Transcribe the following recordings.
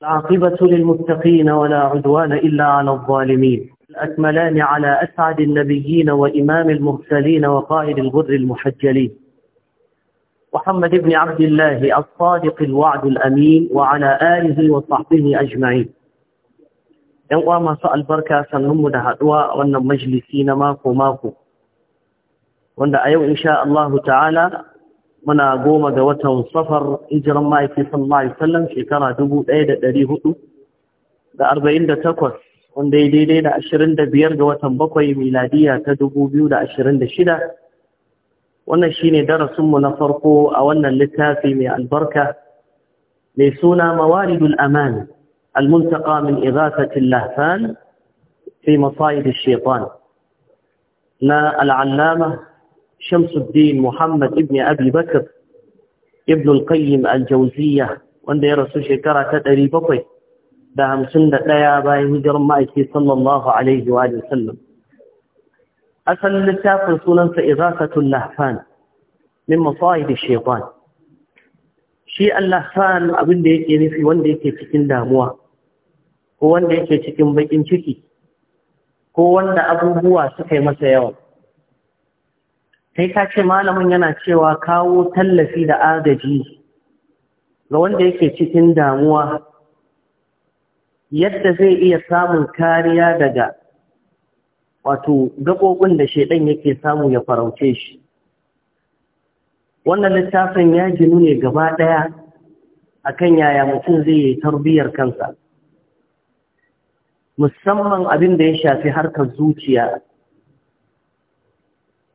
العاقبة للمتقين ولا عدوان إلا على الظالمين الأكملان على أسعد النبيين وإمام المرسلين وقائد الغر المحجلين محمد بن عبد الله الصادق الوعد الأمين وعلى آله وصحبه أجمعين يوم uwa سأل albarka سنهم ده أدواء وأن wannan ماكو ماكو وأن mako إن شاء الله تعالى muna goma ga watan safar hijiran ma'aiki sallallahu alaihi wasallam shekara dubu ɗaya da wanda ya daidai da 25 ga watan bakwai miladiya ta 2026 wannan shine mu na farko a wannan littafi mai albarka mai suna mawaridul aman almuntaka min إغاثة lahfan fi مصائد shaitan na العلامة شمس الدين محمد ابن أبي بكر ابن القيم الجوزية wanda ya rasu shekara ta ɗari bakwai da hamsin da ɗaya bayan hijirar ma'aiki sallallahu alaihi wa sallam. Asalin littafin sunansa Izasatul Lahfan min mafawai da shekwan. Shi Allahfan abinda da yake nufi wanda yake cikin damuwa, ko wanda yake cikin baƙin ciki, ko wanda abubuwa suka yi masa yawa. sai ka ce malamin yana cewa kawo tallafi da agaji ga wanda yake cikin damuwa yadda zai iya samun kariya daga wato gaɓoɓin da shaidan yake samu ya farauce shi wannan littafin ya ginu ne gaba ɗaya kan yaya mutum zai yi tarbiyyar kansa musamman abin da ya shafi harkar zuciya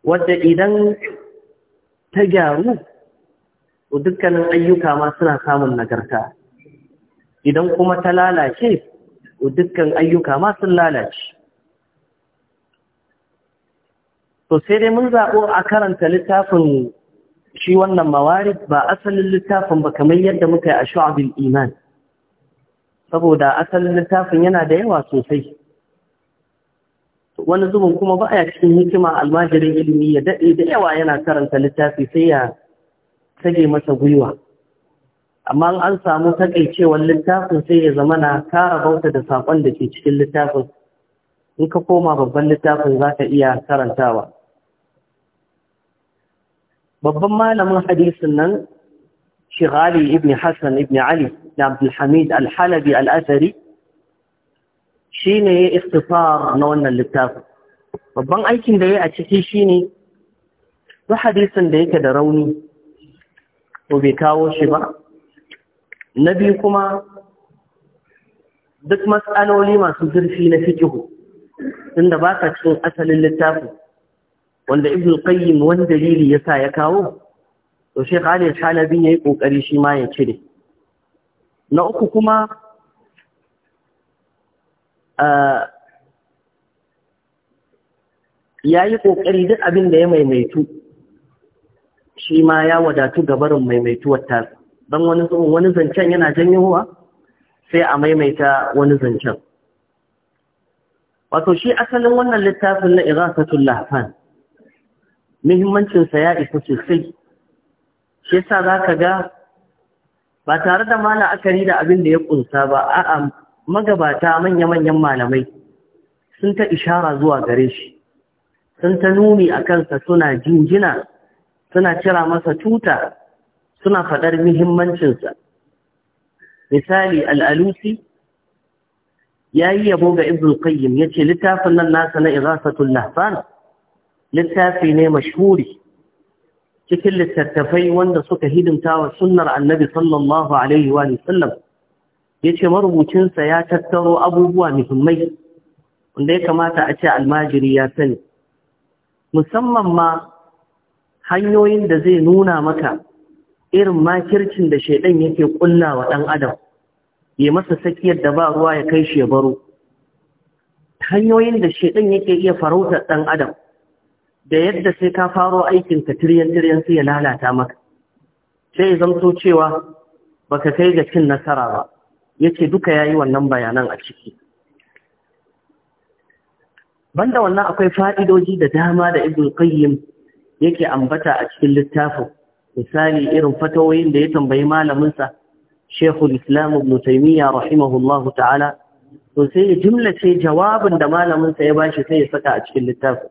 wadda idan ta gyaru dukkanin ayyuka ma suna samun nagarta idan kuma ta lalace dukkan ayyuka ma sun lalace to sai dai mun zaɓo a karanta littafin shi wannan mawarid ba asalin littafin ba kamar yadda muka yi a shu'abul iman saboda asalin littafin yana da yawa sosai wani zubin kuma ba ya cikin hikima almajirin ilimi ya daɗe da yawa yana karanta littafi sai ya tage masa gwiwa amma an samu takaicewar littafin sai ya zama na kara bauta da saƙon da ke cikin littafin in ka koma babban littafin za ka iya karantawa babban malamin hadisin nan shigali ibn hassan ibn ali da abdulhamid al al'asari shi ne ya istifar na wannan littafin babban aikin da ya a ciki shi ne ba hadisun da yake da rauni ko bai kawo shi ba na biyu kuma duk matsaloli masu zurfi na fikihu tunda ba ka cikin asalin littafin wanda ibn qayyim wani dalili yasa ya kawo to shekh shanabin ya yi ƙoƙari shi ma ya cire na uku kuma Eh, ya yi ƙoƙari duk abin da ya maimaitu shi ma ya wadatu gabarin maimaituwar tasa don wani wani zancen yana janyowa sai a maimaita wani zancen wato shi asalin wannan littafin na irasatul lahfan muhimmancinsa ya isa sosai shi yasa za ka ga ba tare da ma akari da abin da ya ƙunsa ba a'am magabata manya-manyan malamai sun ta ishara zuwa gare shi sun ta nuni a kansa suna jinjina suna cira masa tuta suna faɗar muhimmancinsa misali al'alusi ya yi yabo ga ibn qayyim ya ce littafin nan nasa na irasatul lahfan littafi ne mashhuri cikin littattafai wanda suka hidimta wa sunnar annabi sallallahu alaihi wa sallam ya ce marubucinsa ya tattaro abubuwa muhimmai wanda ya kamata a ce almajiri ya sani musamman ma hanyoyin da zai nuna maka irin makircin da shaidan yake kulla wa ɗan adam ya masa tsakiyar da ba ruwa ya kai shi ya baro hanyoyin da shaidan yake iya farautar ɗan adam da yadda sai ka faro aikinka tiryan-tiryan sai ya lalata maka sai ya so cewa ka kai ga cin nasara ba yace duka ya yi wannan bayanan a ciki banda wannan akwai fa'idoji da dama da ibn qayyim yake ambata a cikin littafin misali irin fatawoyin da ya tambayi malaminsa shekul islam ibn taimiyya rahimahullahu ta'ala to sai ya jimlace jawabin da malaminsa ya bashi sai ya saka a cikin littafin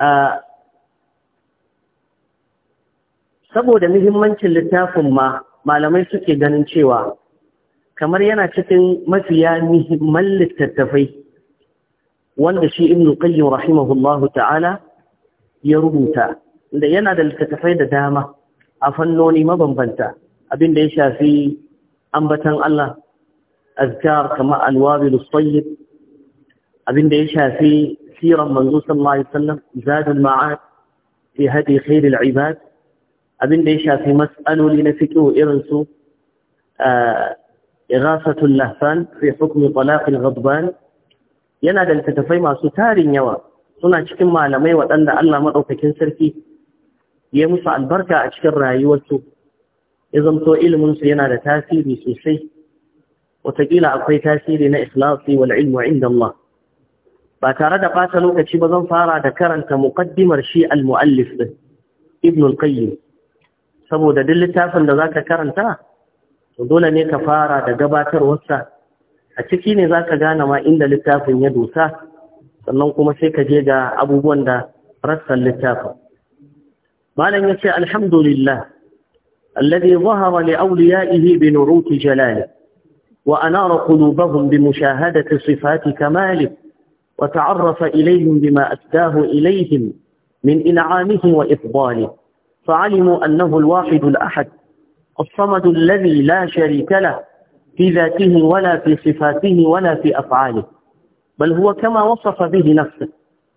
ah, saboda muhimmancin littafin ma malamai suke ganin cewa kamar yana cikin mafiya muhimman littattafai wanda shi ibn qayyim rahimahullahu ta'ala ya rubuta da yana da littattafai da dama a fannoni mabambanta abinda ya shafi ambatan Allah azkar kama alwabil tayyib abinda ya shafi siran manzo sallallahu alaihi wasallam zadul ma'ad fi hadi khairil ibad abin da ya shafi matsaloli na fiƙo irin su eh, irasatul lahfan fi hukmi talaq ghadban yana da littattafai masu tarin yawa suna cikin malamai waɗanda Allah maɗaukakin sarki ya musu albarka a cikin rayuwarsu ya zamto iliminsu yana da tasiri sosai wataƙila akwai tasiri na ikhlasi wal ilmu inda Allah ba tare da ɓata lokaci ba zan fara da karanta muqaddimar shi al-muallif din ibn al-qayyim saboda duk littafin da zaka karanta to dole ne ka fara da gabatarwarsa a ciki ne zaka gane ma inda littafin ya dosa sannan kuma sai ka je ga abubuwan da rassan littafin malam yace alhamdulillah alladhi zahara li awliyaihi bi nuruti jalali wa anara qulubahum bi mushahadati sifati kamali wa ta'arrafa ilayhim bima asdahu ilayhim min in'amihi wa ifdalihi فعلموا أنه الواحد الأحد الصمد الذي لا شريك له في ذاته ولا في صفاته ولا في أفعاله بل هو كما وصف به نفسه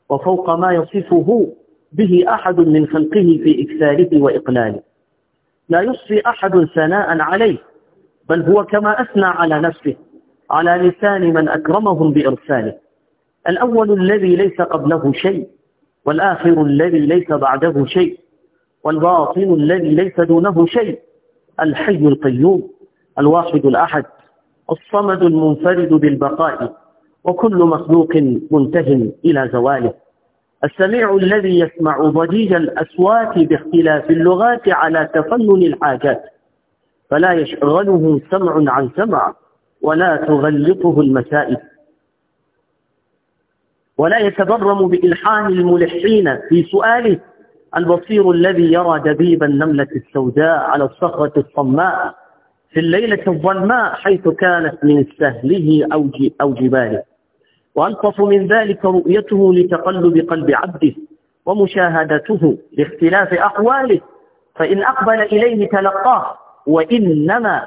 وفوق ما يصفه به أحد من خلقه في إكثاره وإقلاله لا يصفي أحد ثناء عليه بل هو كما أثنى على نفسه على لسان من أكرمهم بإرساله الأول الذي ليس قبله شيء والآخر الذي ليس بعده شيء والباطن الذي ليس دونه شيء الحي القيوم الواحد الأحد الصمد المنفرد بالبقاء وكل مخلوق منته إلى زواله السميع الذي يسمع ضجيج الأسوات باختلاف اللغات على تفنن الحاجات فلا يشغله سمع عن سمع ولا تغلطه المسائل ولا يتبرم بإلحان الملحين في سؤاله البصير الذي يرى دبيب النملة السوداء على الصخرة الصماء في الليلة الظلماء حيث كانت من سهله أو, أو جباله وألطف من ذلك رؤيته لتقلب قلب عبده ومشاهدته لاختلاف أحواله فإن أقبل إليه تلقاه وإنما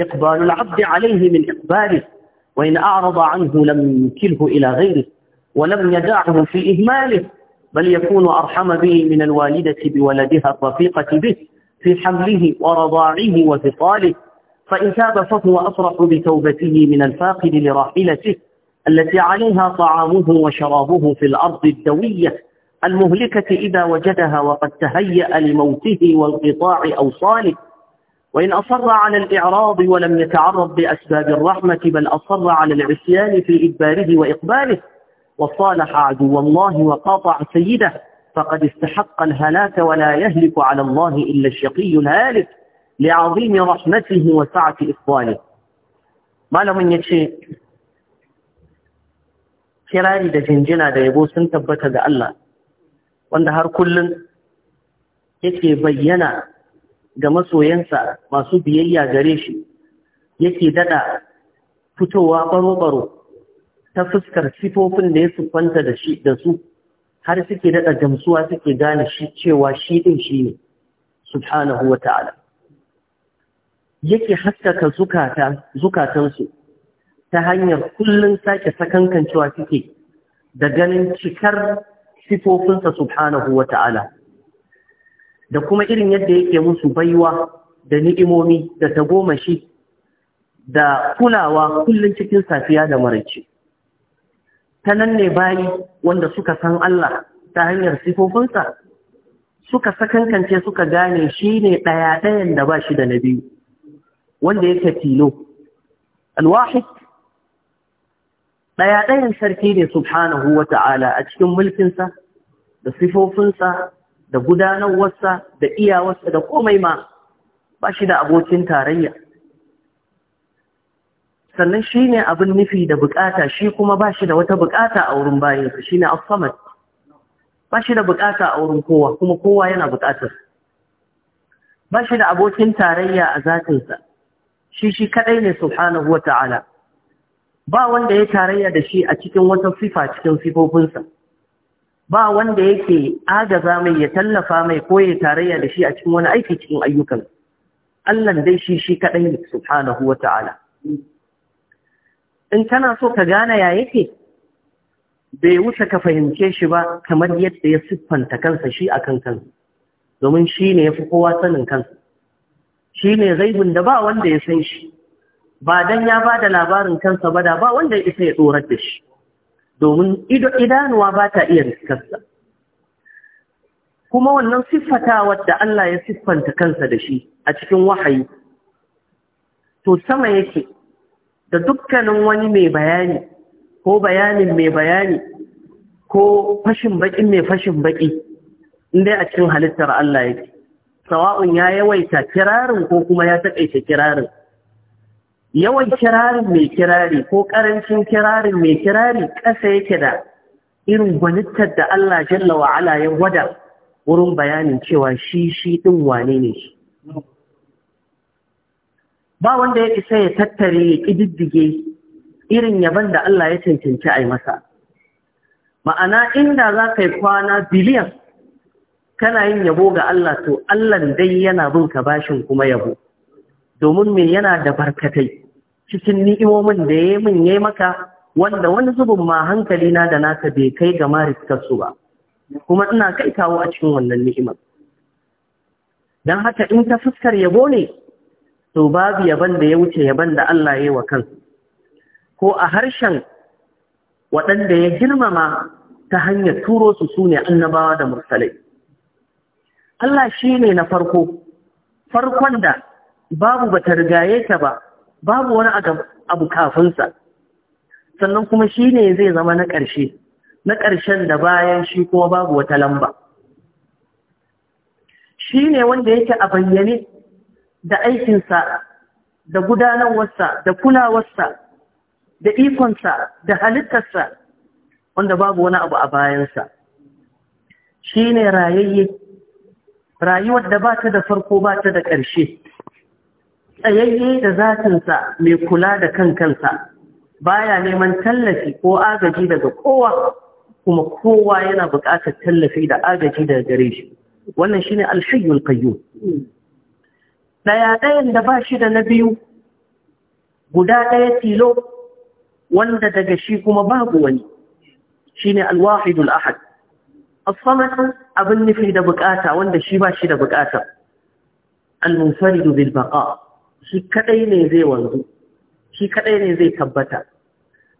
إقبال العبد عليه من إقباله وإن أعرض عنه لم يمكله إلى غيره ولم يدعه في إهماله بل يكون أرحم به من الوالدة بولدها الرفيقة به في حمله ورضاعه وفصاله فإن تاب فهو أفرح بتوبته من الفاقد لراحلته التي عليها طعامه وشرابه في الأرض الدوية المهلكة إذا وجدها وقد تهيأ لموته وانقطاع أوصاله وإن أصر على الإعراض ولم يتعرض بأسباب الرحمة بل أصر على العصيان في إدباره وإقباله وصالح عدو الله وقاطع سيده فقد استحق الهلاك ولا يهلك على الله إلا الشقي الهالك لعظيم رحمته وسعة إخوانه ما لو من يتشي كراري دا جنجنا دا يبو سنتبت دا ألا واندهار كل يكي بينا دا مسو ينسى ما سو بيئيا غريشي يكي دا فتوى برو برو ta fuskar sifofin da ya siffanta da shi da su har suke daɗa gamsuwa suke gane shi cewa shi ɗin shi ne subhanahu wa ta'ala yake haskaka zukatansu ta hanyar kullum sake sakankancewa suke da ganin cikar sifofinsa subhanahu wa ta'ala da kuma irin yadda yake musu baiwa da ni'imomi da tagomashi da kulawa kullum cikin safiya da maraice ta nan ne bayi wanda suka san Allah ta hanyar sifofinsa suka sakankance suka gane shi ne ɗaya ɗayan da ba shi da na biyu wanda yake tilo alwahid ɗaya ɗayan sarki ne subhanahu wa ta'ala a cikin mulkinsa da sifofinsa da gudanarwarsa da iyawarsa da komai ma ba shi da abokin tarayya sannan shi ne abin nufi da bukata shi kuma ba shi da wata bukata a wurin bayansa shi ne as ba shi da bukata a wurin kowa kuma kowa yana bukatar ba shi da abokin tarayya a zatinsa shi shi kadai ne subhanahu wata'ala ba wanda ya tarayya da shi a cikin wata sifa cikin sifofinsa ba wanda yake agaza mai ya tallafa mai ko ya tarayya da shi a cikin wani aiki cikin ayyukan Allah dai shi shi kadai ne subhanahu wata'ala in kana so ka gane ya yake bai wuce ka fahimce shi ba kamar yadda ya siffanta kansa shi a kan kansa domin shi ne ya fi kowa sanin kansa shi ne zaibin da ba wanda ya san shi ba dan ya ba da labarin kansa ba da ba wanda ya isa ya tsorar da shi domin idanuwa ba ta iya riskarsa kuma wannan siffatawa da Allah ya siffanta kansa da shi a cikin wahayi to sama yake da dukkanin wani mai bayani ko bayanin mai bayani ko fashin baƙi mai fashin baƙi inda a cikin halittar Allah yake sawa'un ya yawaita kirarin ko kuma ya taƙaita kirarin yawan kirarin mai kirari ko ƙarancin kirarin mai kirari ƙasa yake da irin gwanittar da Allah jalla wa'ala ya gwada wurin bayanin cewa shi shi ɗin wane ne shi ba wanda ya isa ya tattare ya ƙididdige irin yaban da Allah ya cancanci a yi masa ma'ana inda za ka yi kwana biliyan kana yin yabo ga Allah to Allah dai yana bin ka bashin kuma yabo domin me yana da barkatai cikin ni'imomin da ya min ya maka wanda wani zubin ma hankali na da naka bai kai ga su ba kuma ina kai kawo a cikin wannan ni'imar don haka in ta fuskar yabo ne to babu yaban da ya wuce yaban da Allah ya yi wa kansu ko a harshen waɗanda ya girmama ta hanyar turo su su ne annabawa da mursalai Allah shi ne na farko farkon da babu ba ta rigaye ta ba babu wani abu kafinsa sannan kuma shi ne zai zama na ƙarshe na ƙarshen da bayan shi kuma babu wata lamba shi ne wanda yake a bayyane da aikinsa da gudanarwarsa da kulawarsa da ikonsa da halittarsa wanda babu wani abu a bayansa shi ne rayayye rayuwar da ba ta da farko ba ta da ƙarshe tsayayye da zatinsa mai kula da kan kansa baya neman tallafi ko agaji daga kowa kuma kowa yana buƙatar tallafi da agaji daga gare shi wannan shine alhayyul qayyum ɗaya ɗayan da ba shi da na biyu guda ɗaya tilo wanda daga shi kuma babu wani shine alwahidul ahad as abin nufi da bukata wanda shi ba shi da bukata al bil shi kadai ne zai wanzu shi kadai ne zai tabbata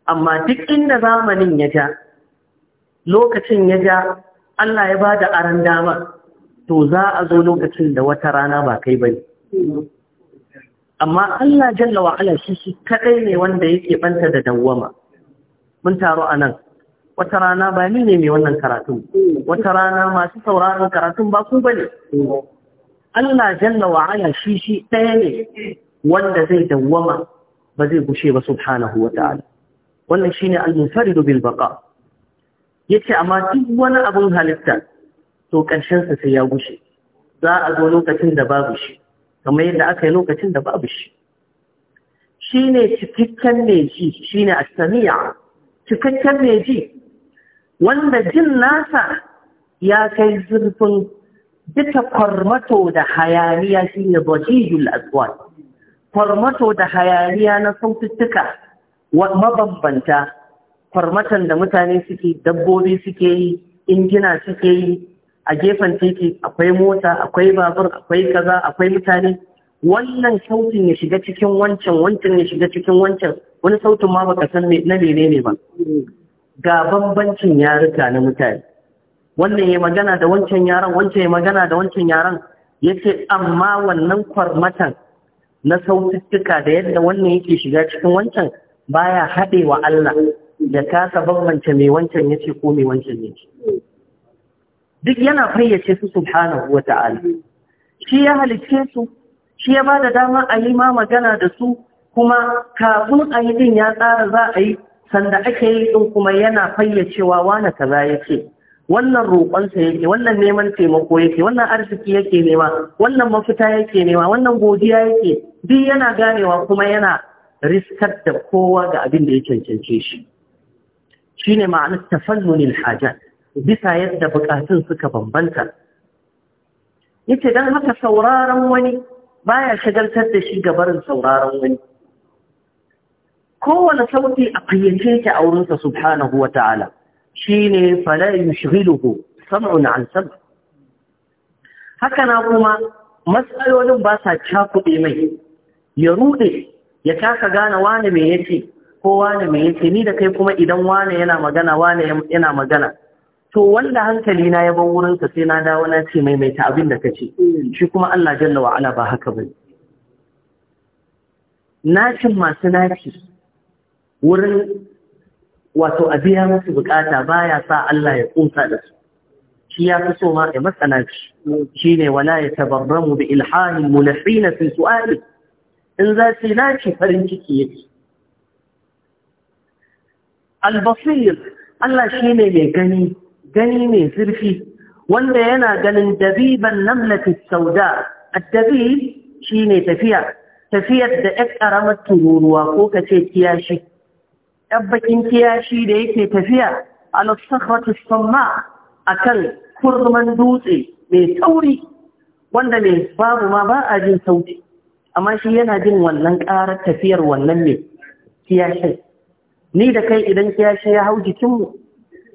amma duk inda zamanin ya ja lokacin ya ja Allah ya bada aran dama to za a zo lokacin da wata rana ba kai bane amma Allah jalla wa ala shi shi kadai ne wanda yake banta da dawwama mun taro anan wata rana ba ni ne mai wannan karatun wata rana masu sauraron karatun ba ku bane Allah jalla wa ala shi shi ɗaya ne wanda zai dawwama ba zai gushe ba subhanahu wa ta'ala wannan shine al-munfaridu bil baqa yace amma duk wani abun halitta to karshen sa sai ya gushe za a zo lokacin da babu shi kamar yadda aka yi lokacin da babu shi shi ne cikakken meji shi ne a asamiya cikakken mai wanda jin nasa ya kai zurfin duka kwarmato da hayaniya shi ne bajijul aswad kwarmato da hayaniya na saututtuka mabambanta kwarmatan da mutane suke dabbobi suke yi injina suke yi a gefen titi akwai mota akwai babur akwai kaza akwai mutane wannan sautin ya shiga cikin wancan wancan ya shiga cikin wancan wani sautin ma baka san na menene ba ga bambancin yaruka na mutane wannan ya magana da wancan yaran wancan ya magana da wancan yaran yace amma wannan kwarmatan na sautittuka da yadda wannan yake shiga cikin wancan baya haɗewa Allah da kasa bambance mai wancan yace ko mai wancan yake duk yana fayyace su subhanahu wa ta'ala shi ya halicce su shi ya ba da dama a yi ma magana da su kuma kafin a yi din ya tsara za a yi sanda ake yi din kuma yana fayyacewa wani kaza yake wannan roƙonsa yake wannan neman taimako yake wannan arziki yake nema wannan mafita yake nema wannan godiya yake duk yana ganewa kuma yana riskar da kowa ga abin da ya cancance shi shine ma'anar tafannunil hajat bisa yadda bukatun suka bambanta yace don haka sauraron wani baya shagaltar da shi gabarin sauraron wani kowane sauti a fayyace yake a wurinsa subhanahu wa ta'ala shi ne fala yushghiluhu sam'un an sam' haka na kuma matsalolin ba sa cakuɗe mai ya rude ya kasa gane wane me yace ko wane me yace ni da kai kuma idan wane yana magana wane yana magana to wanda hankali na ya bar wurinsa sai na dawo na ce maimaita abin da kace mm. shi kuma Allah jalla wa ala ba haka bane nacin masu naci wurin wato a biya musu bukata baya sa Allah ya kusa da su shi ya fi so ma ya matsana shi mm. shi ne wala ya tabarramu bi ilhahin mulahina fi su'ali in za su naci farin ciki yake al-basir Allah shi ne mai gani gani mai zurfi wanda yana ganin dabiban namlati sauda addabib shine tafiya tafiyar da ƴar ƙaramar tururuwa ko ka ce kiyashi ƴar bakin kiyashi da yake tafiya ala sakhratu a kan kurman dutse mai tsauri, wanda mai babu ma ba a jin sauti amma shi yana jin wannan ƙarar tafiyar wannan mai kiyashin ni da kai idan kiyashi ya hau jikinmu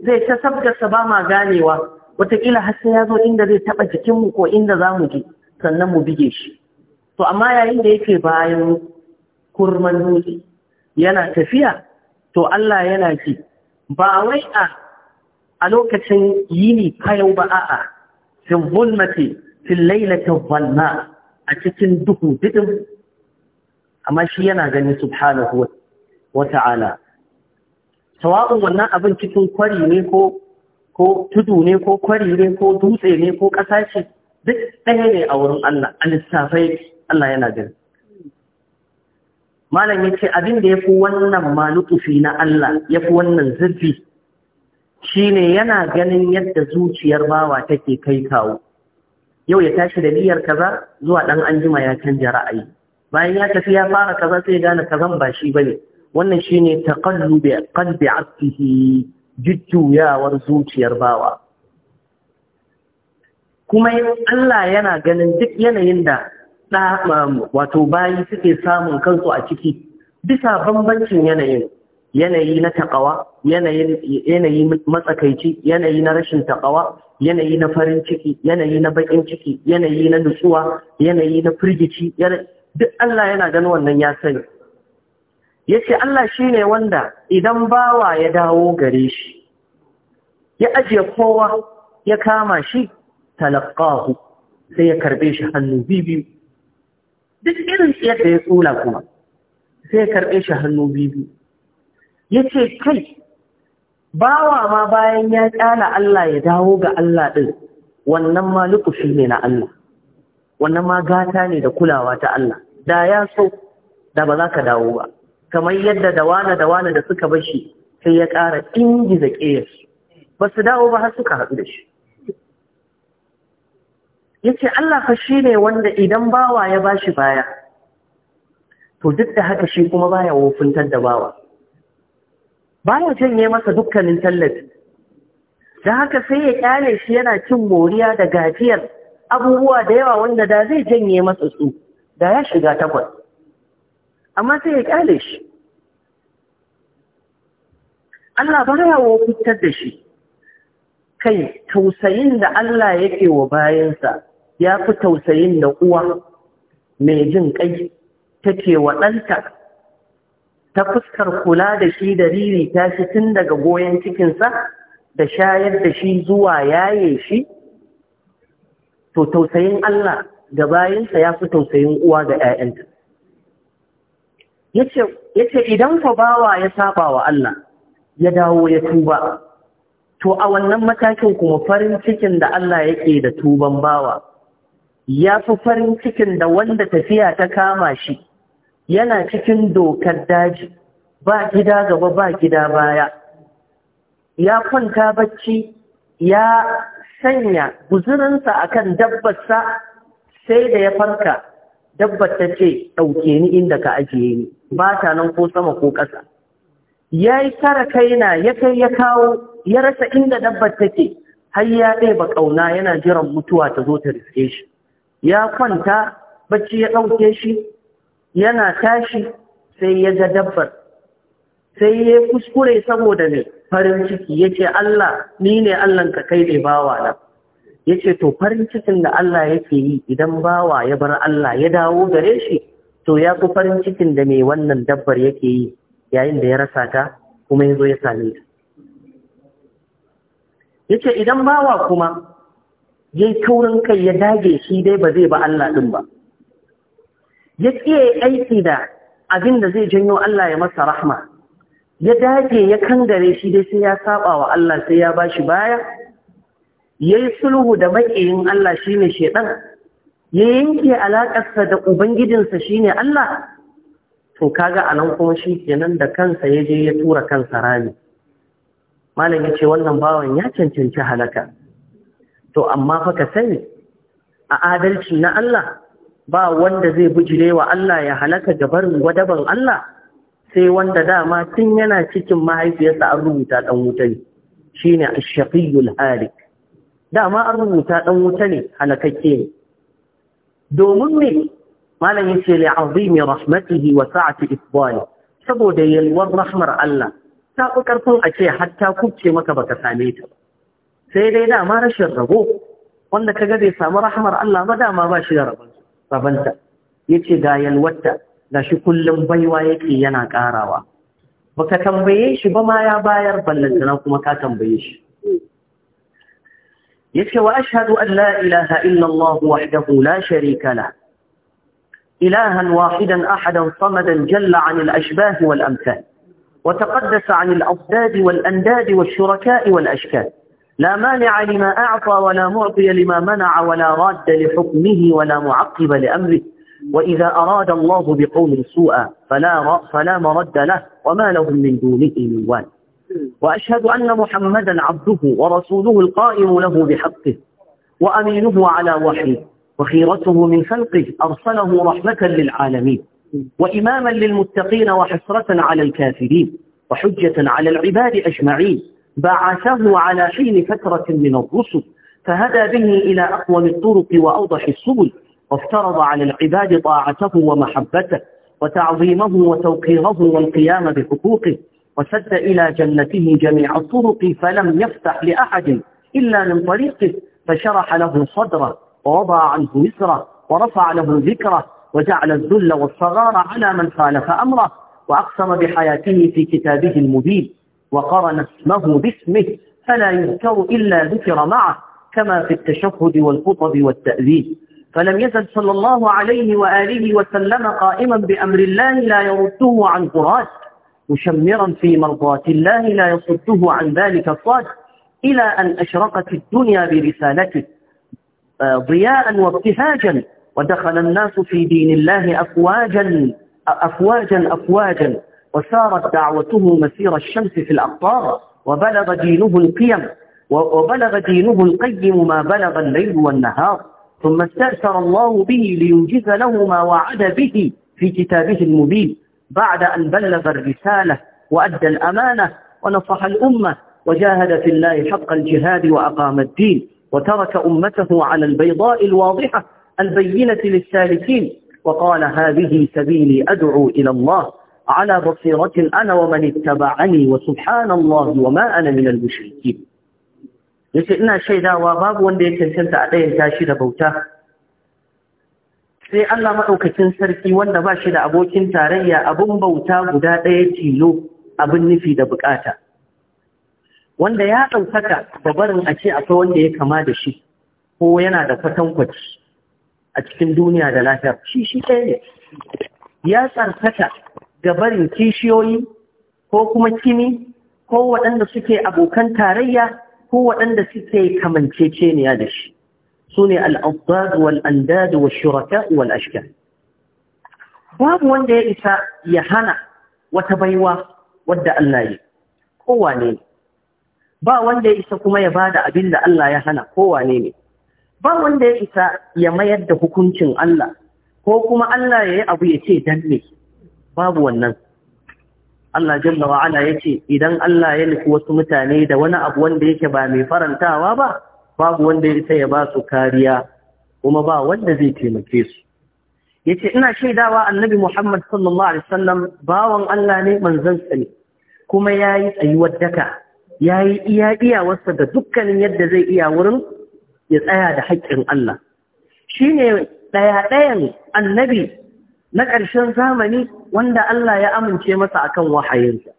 zai ta sabgarsa ba ma ganewa wataƙila har sai ya zo inda zai taɓa jikinmu ko inda za mu ji sannan mu bige shi to amma yayin da yake bayan kurman dutse yana tafiya to Allah yana ki, ba wai a a lokacin yini kayau ba a'a fil zulmati fil lailati dhanna a cikin duhu didim amma shi yana gani subhanahu wa ta'ala sawa'un wannan abin cikin kwari ne ko ko tudu ne ko kwari ne ko dutse ne ko ƙasa ce duk ɗaya ne a wurin Allah a lissafai Allah yana gani malam ya ce abin da ya fi wannan malukufi na Allah ya fi wannan zurfi shine yana ganin yadda zuciyar bawa take kai kawo yau ya tashi da niyyar kaza zuwa ɗan anjima ya canja ra'ayi bayan ya tafi ya fara kaza sai gane kazan ba shi bane wannan shi shine taqallubi qalbi abdihi jujjuyawar zuciyar bawa kuma Allah yana ganin duk yanayin da um, wato bayi suke samun kansu a ciki bisa bambancin yanayin yanayi na taƙawa, yanayi matsakaici, yanayi na rashin taƙawa, yanayi na farin ciki, yanayi na baƙin ciki, yanayi na nutsuwa, yanayi na firgici, duk Allah yana ganin wannan ya sani. ya ce Allah shi ne wanda idan bawa ya dawo gare shi ya ajiye kowa ya kama shi talakahu sai ya karbe shi hannu biyu duk irin yadda ya tsula kuma sai ya karbe shi hannu biyu ya ce kai bawa ma bayan ya kyala Allah ya dawo ga Allah ɗin wannan ma lukufi ne na Allah wannan ma gata ne da kulawa ta Allah da ya so da ba za ka dawo ba kamar yadda dawana dawana da suka bashi sai ya ƙara ingiza ƙeyarsu ba su dawo ba har suka haɗu da shi ya ce Allah fa shi ne wanda idan bawa ya ba shi baya to duk da haka shi kuma baya wofintar da bawa baya janye masa dukkanin tallafi da haka sai ya ƙyale shi yana cin moriya da gajiyar abubuwa da yawa wanda da zai janye masa su da ya shiga takwas amma sai ya kyale shi Allah ya wa fitar da shi kai tausayin da Allah yake wa bayansa ya fi tausayin da uwa mai jin kai take wa ɗanta ta fuskar kula da shi da riri ta shi tun daga goyon cikinsa da shayar da shi zuwa yaye shi to tausayin Allah ga bayansa ya fi tausayin uwa ga 'ya'yanta yace idan ka bawa ya saba wa Allah ya dawo ya tuba to a wannan matakin kuma farin cikin da Allah yake da tuban bawa ya fi farin cikin da wanda tafiya ta kama shi yana cikin dokar daji ba gida gaba ba gida baya ya kwanta bacci ya sanya guzurinsa akan dabbarsa sai da ya farka dabbar ta ce ɗauke ni inda ka ajiye ni ba ta nan ko sama ko ƙasa ya yi tara kaina ya kai ya kawo ya rasa inda dabbar take har ya ɗeba ƙauna yana jiran mutuwa ta zo ta riske shi ya kwanta bacci ya ɗauke shi yana tashi sai ya ga dabbar sai ya kuskure saboda mai farin ciki ya ce Allah ni ne Allah ka kai ne bawa na yace to farin cikin da Allah yake yi idan bawa ya bar Allah ya dawo gare shi to ya fi farin cikin da mai wannan dabbar yake yi yayin da ya rasa ta kuma ya zo ya same ta yace idan bawa kuma yayi kaurin kai ya dage shi dai ba zai ba Allah din ba ya tsiye aiki da abin da zai janyo Allah ya masa rahma ya dage ya kangare shi dai sai ya saba wa Allah sai ya bashi baya ya yi sulhu da maƙiyin Allah shi ne shaiɗan, ya yanke alaƙarsa da Ubangijinsa shi ne Allah, to kaga a nan kuma shi kenan da kansa ya je ya tura kansa rami. Malam ya ce wannan bawan ya cancanci halaka. To amma fa ka sani, a adalci na Allah ba wanda zai bujire wa Allah ya halaka gabarin gwadaban Allah sai wanda dama tun yana cikin mahaifiyarsa an rubuta ɗan wuta ne, shi ne a shaƙiyul harik. dama an rubuta ɗan wuta ne halakakke ne domin me malam yace li azimi rahmatihi wa sa'ati ifdali saboda yalwar rahmar Allah ta ku karfin a ce hatta kuce maka baka same ta sai dai dama rashin rabo wanda kaga bai samu rahmar Allah ba dama ba shi da rabonta. yace ga yalwarta gashi kullum baiwa yake yana karawa baka tambaye shi ba ma ya bayar ballantana kuma ka tambaye shi يكفي وأشهد أن لا إله إلا الله وحده لا شريك له إلها واحدا أحدا صمدا جل عن الأشباه والأمثال وتقدس عن الأصداد والأنداد والشركاء والأشكال لا مانع لما أعطى ولا معطي لما منع ولا راد لحكمه ولا معقب لأمره وإذا أراد الله بقوم سوءا فلا, فلا مرد له وما لهم من دونه من وال وأشهد أن محمدا عبده ورسوله القائم له بحقه وأمينه على وحيه وخيرته من خلقه أرسله رحمة للعالمين وإماما للمتقين وحسرة على الكافرين وحجة على العباد أجمعين بعثه على حين فترة من الرسل فهدى به إلى أقوم الطرق وأوضح السبل وافترض على العباد طاعته ومحبته وتعظيمه وتوقيره والقيام بحقوقه وسد إلى جنته جميع الطرق فلم يفتح لأحد إلا من طريقه فشرح له صدره ووضع عنه وزره ورفع له ذكره وجعل الذل والصغار على من خالف أمره وأقسم بحياته في كتابه المبين وقرن اسمه باسمه فلا يذكر إلا ذكر معه كما في التشهد والخطب والتأذيب فلم يزل صلى الله عليه وآله وسلم قائما بأمر الله لا يرده عن قراش مشمرا في مرضاة الله لا يصده عن ذلك الصاد إلى أن أشرقت الدنيا برسالته آه، ضياء وابتهاجا ودخل الناس في دين الله أفواجا أفواجا أفواجا وسارت دعوته مسير الشمس في الأقطار وبلغ دينه القيم وبلغ دينه القيم ما بلغ الليل والنهار ثم استأثر الله به لينجز له ما وعد به في كتابه المبين بعد أن بلغ الرسالة وأدى الأمانة ونصح الأمة وجاهد في الله حق الجهاد وأقام الدين وترك أمته على البيضاء الواضحة البينة للسالكين وقال هذه سبيلي أدعو إلى الله على بصيرة أنا ومن اتبعني وسبحان الله وما أنا من المشركين yace ina shaidawa babu wanda ya cancanta a ɗayan sai Allah maɗaukacin sarki wanda ba shi da abokin tarayya abin bauta guda ɗaya tilo abin nufi da bukata. Wanda ya ɗaukaka babarin a ce akwai wanda ya kama da shi ko yana da kwaci a cikin duniya da lafiya shi shi ɗaya ne. Ya tsarkaka gabarin kishiyoyi ko kuma kimi ko waɗanda suke abokan tarayya ko waɗanda suke kamanceceniya da shi. sune al-awdad wal andad wal shuraka wal babu wanda ya isa ya hana wata baiwa wadda Allah ya wane ne ba wanda ya isa kuma ya bada abin da Allah ya hana wane ne ba wanda ya isa ya mayar da hukuncin Allah ko kuma Allah ya yi abu ya ce dan ne, babu wannan Allah jalla wa ala yace idan Allah ya nufi wasu mutane da wani abu wanda yake ba mai farantawa ba babu wanda ya ya ba su kariya kuma ba wanda zai taimake su yace ina shaidawa annabi Muhammad sallallahu alaihi wasallam bawan Allah ne manzon sa ne kuma yayi tsayuwar daka yayi iya wasa da dukkanin yadda zai iya wurin ya tsaya da haƙƙin Allah shine daya dayan annabi na ƙarshen zamani wanda Allah ya amince masa akan wahayinsa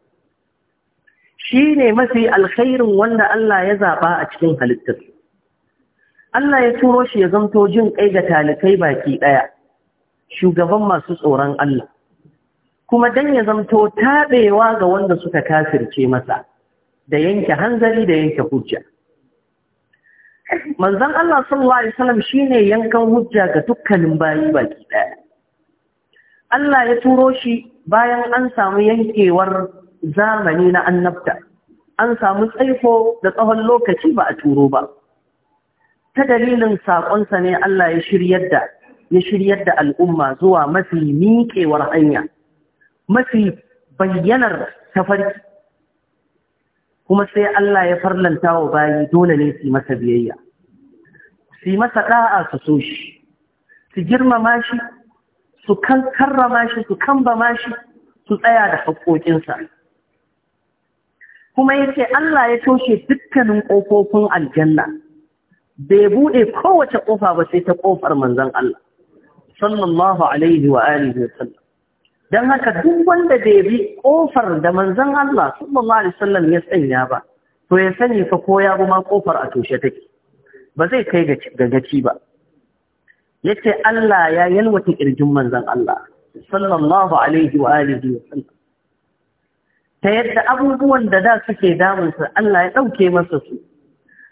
shine mafi alkhairin wanda Allah ya zaba a cikin halittarsa Allah ya turo shi ya zanto jin kai ga talikai baki ɗaya, shugaban masu tsoron Allah, kuma dan ya zanto taɓewa ga wanda suka kafirce masa, da yanke hanzari da yanke hujja. manzon Allah sallallahu Alaihi wasallam shine yankan hujja ga dukkanin bayi baki ɗaya. Allah ya turo shi bayan an samu yankewar zamani na annabta, an samu tsaiko da tsawon lokaci ba a turo ba. ta dalilin saƙonsa ne Allah ya shiryar da ya shiryar da al'umma zuwa mafi miƙewar hanya mafi bayyanar tafarki kuma sai Allah ya farlanta wa bayi dole ne su masa biyayya su masa ɗa'a su so shi su girmama shi su kan karrama shi su kambama shi su tsaya da haƙoƙinsa kuma yace Allah ya toshe dukkanin ƙofofin aljanna bai buɗe kowace ƙofa ba sai ta ƙofar manzan Allah sallallahu alaihi wa alihi wa sallam Don haka duk wanda bai bi ƙofar da manzan Allah sallallahu alaihi wa sallam ya sanya ba to ya sani fa ko ya guma ƙofar a toshe take ba zai kai ga gaci ba Ya ce Allah ya yalwata ƙirjin manzan Allah sallallahu alaihi wa alihi wa sallam ta yadda abubuwan da da suke damunsa Allah ya ɗauke masa su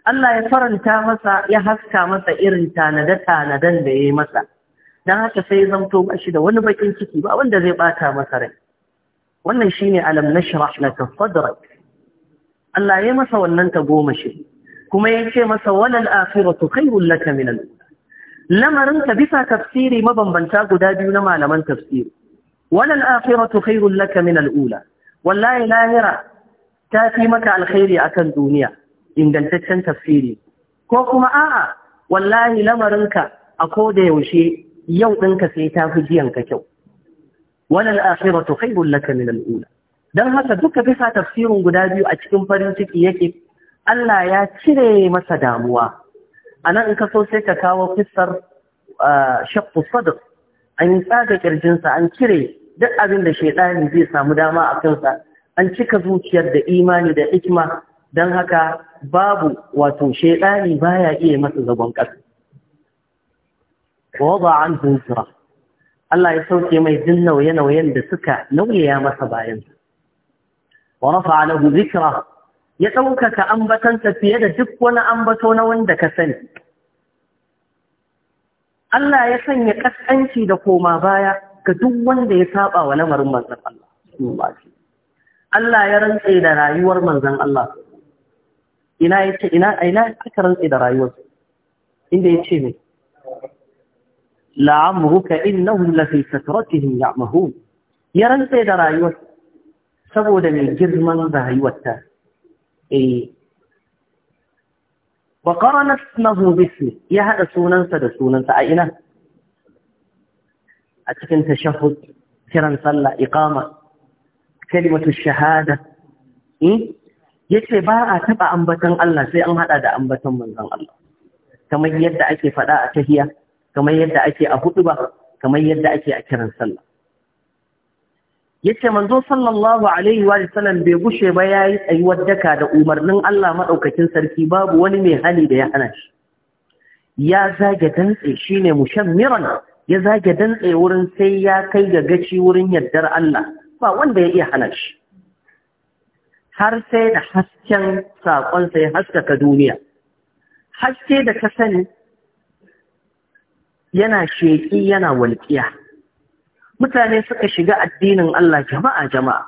Allah ya faranta masa ya haska masa irin tanade-tanaden da ya yi masa don haka sai ya zamto ba shi da wani bakin ciki ba wanda zai bata masa rai wannan shine alam nashrah laka sadrak Allah ya masa wannan ta goma shi kuma ya ce masa walal akhiratu khairul laka min al lamarin ka bisa tafsiri mabambanta guda biyu na malaman tafsiri walal akhiratu khairul laka min al ula wallahi lahira ta fi maka alkhairi akan duniya ingantaccen tafsiri ko kuma a'a wallahi lamarinka a ko da yaushe yau ɗinka sai ta fi jiyanka kyau walal to kai laka min al dan haka duka bisa tafsirin guda biyu a cikin farin ciki yake Allah ya cire masa damuwa anan in ka so sai ka kawo fissar ah, shaqqu sadr an tsaga kirjinsa an cire duk abin da shaidani zai samu dama a kansa an cika zuciyar da imani da hikima don haka babu wato shaidani baya iya masa zagon ƙasa wa ba an zuntura Allah ya sauke mai jin nauye-nauyen da suka nauyaya masa bayan wa rafa lahu zikra ya ɗaukaka ambatansa fiye da duk wani ambato na wanda ka sani Allah ya sanya ƙasƙanci da koma baya ga duk wanda ya saba wa lamarin manzan Allah Allah ya rantse da rayuwar manzan Allah ina ya ce ina ina aka rantsa da rayuwarsa inda ya ce mai la'amruka innahum la fi satratihim ya'mahun ya rantsa da rayuwar saboda mai girman rayuwar ta eh wa qarana ismahu bismi ya hada sunansa da sunansa a ina a cikin tashahhud kiran sallah iqama kalimatu shahada eh yace ba a taba ambatan Allah sai an haɗa da ambatan manzon Allah kamar yadda ake fada a tahiya kamar yadda ake a huduba kamar yadda ake a kiran sallah yace manzon sallallahu alaihi wa sallam bai gushe ba yayi tsayuwar daka da umarnin Allah madaukakin sarki babu wani mai hali da ya hana shi ya zage dantse shine mushammiran ya zage dantse wurin sai ya kai ga gaci wurin yardar Allah ba wanda ya iya hana shi har sai da hasken saƙonsa ya haskaka duniya. Haske da ka sani yana sheƙi yana walƙiya. Mutane suka shiga addinin Allah jama'a jama'a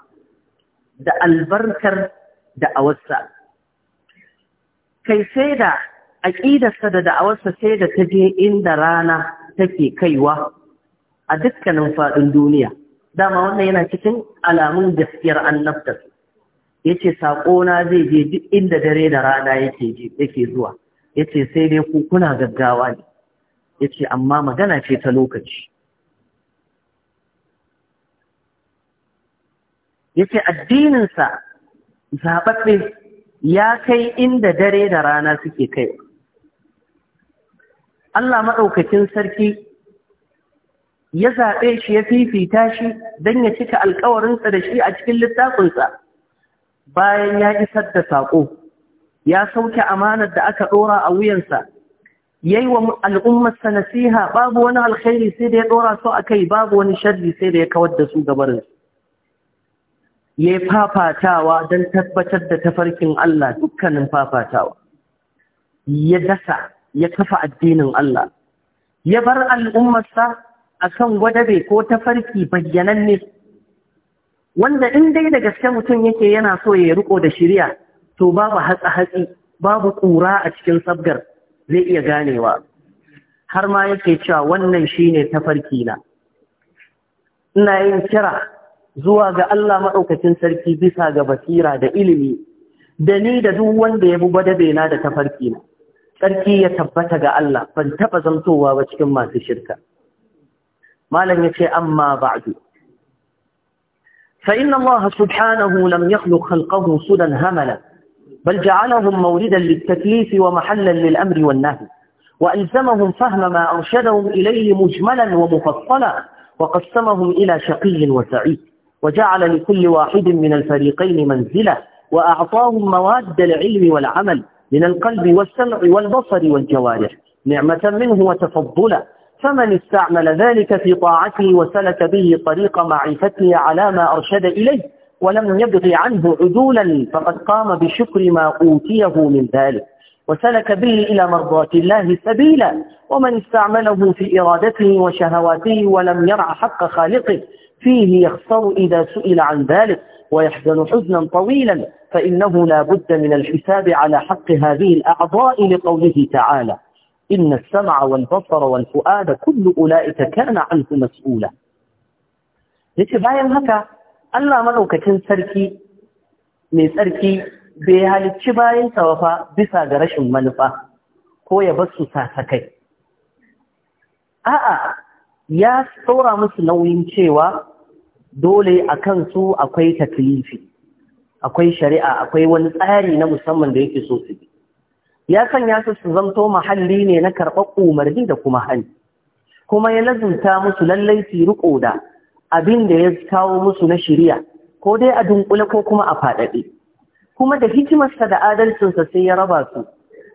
da albarkar da awarsa. Kai sai da aƙidarsa da da'awarsa sai da ta je inda rana take kaiwa a dukkanin faɗin duniya. Dama wannan yana cikin alamun gaskiyar annabtarsa. yace na zai je duk inda dare da rana yake yake zuwa yace sai dai ku kuna gaggawa ne yace amma magana ce ta lokaci yace addininsa zaɓaɓɓe ya kai inda dare da rana suke kai Allah maɗaukacin sarki ya zaɓe shi ya fifita shi don ya cika alkawarinsa da shi a cikin littafinsa bayan ya isar da saƙo ya sauke amanar da aka ɗora a wuyansa yayi wa al'ummarsa nasiha babu wani alkhairi sai da ya ɗora su a kai babu wani sharri sai da ya kawar da su gabarin ya fafatawa don tabbatar da tafarkin Allah dukkanin fafatawa ya dasa ya kafa addinin Allah ya bar al'ummarsa a kan gwadabe ko tafarki bayyananne wanda in dai da gaske mutum yake yana so ya riko da shirya to babu hatsa hatsi babu ƙura a cikin sabgar zai iya ganewa har ma yake cewa wannan shine tafarki na ina yin kira zuwa ga Allah maɗaukacin sarki bisa ga basira da ilimi da ni da duk wanda ya bi gwadabe na da tafarki na sarki ya tabbata ga Allah ban taɓa zamtowa ba cikin masu shirka malam yace amma ba'du فإن الله سبحانه لم يخلق خلقه سدى هملا بل جعلهم موردا للتكليف ومحلا للأمر والنهي وألزمهم فهم ما أرشدهم إليه مجملا ومفصلا وقسمهم إلى شقي وسعيد وجعل لكل واحد من الفريقين منزلة وأعطاهم مواد العلم والعمل من القلب والسمع والبصر والجوارح نعمة منه وتفضلا فمن استعمل ذلك في طاعتي وسلك به طريق معرفتي على ما أرشد إليه ولم يبغي عنه عدولا فقد قام بشكر ما أوتيه من ذلك وسلك به إلى مرضاة الله سبيلا ومن استعمله في إرادته وشهواته ولم يرع حق خالقه فيه يخسر إذا سئل عن ذلك ويحزن حزنا طويلا فإنه لا بد من الحساب على حق هذه الأعضاء لقوله تعالى إن السمع والبصر والفؤاد كل أولئك كان عنه مسؤولا yace bayan haka Allah madaukakin sarki mai sarki bai halicci bayan tawafa bisa ga rashin manufa ko ya bar su sasakai a'a ya tsora musu nauyin cewa dole a kansu akwai taklifi akwai shari'a akwai wani tsari na musamman da yake so su bi ya sanya su su zanto mahalli ne na karɓar umarni da kuma hali kuma ya lazunta musu lallai su riƙo da abin da ya kawo musu na shirya ko dai a dunkule ko kuma a faɗaɗe kuma da hikimarsa da adalcinsa sai ya raba su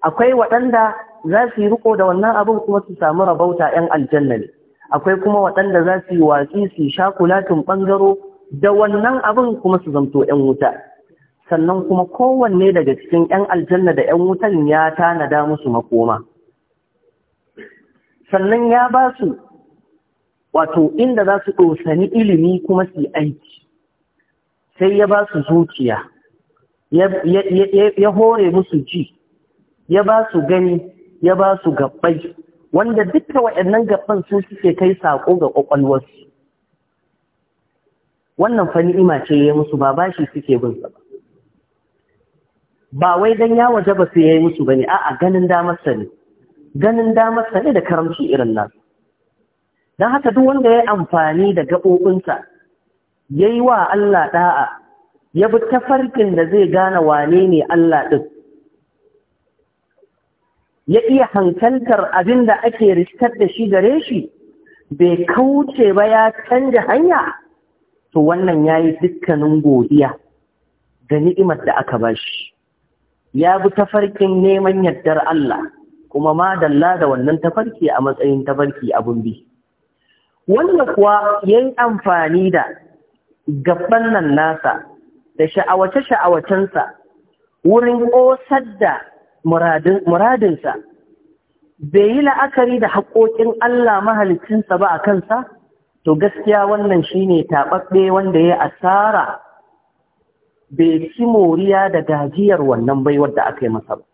akwai waɗanda za su yi riƙo da wannan abin kuma su samu rabauta 'yan aljanna ne akwai kuma waɗanda za su yi watsi su sha tun ɓangaro da wannan abin kuma su zamto 'yan wuta sannan kuma kowanne daga cikin 'yan aljanna da 'yan wutan ya tanada musu makoma sannan ya ba su wato inda za su ɗosani ilimi kuma su aiki sai ya ba su zuciya ya hore musu ji ya ba su gani ya ba su gabbai wanda duka wa'annan gabban su suke kai saƙo ga ƙwaƙwalwarsu wannan fani'ima ce ya musu ba bashi suke bin ba wai don ya waje ba sai ya yi musu ne. a'a ganin damar sani ne ganin damar sani ne da karamci irin nan Don haka duk wanda ya yi amfani da ya yi wa Allah ɗa'a, ya bi tafarkin da zai gane wane ne Allah ɗin. ya iya hankaltar abin da ake riskar da shi gare shi bai kauce ba ya canja hanya to wannan ya yi dukkanin godiya ga ni'imar da aka bashi ya bi tafarkin neman yardar Allah kuma ma dalla da wannan tafarki a matsayin tafarki abun bi Wannan kuwa ya yi amfani da gaban nan nasa da sha'awace-sha'awacensa wurin ƙosar da muradinsa bai yi la'akari da haƙoƙin Allah mahalicinsa ba a kansa to gaskiya wannan shine taɓaɓɓe wanda ya asara bai ci moriya da gajiyar wannan bai wadda aka yi masa ba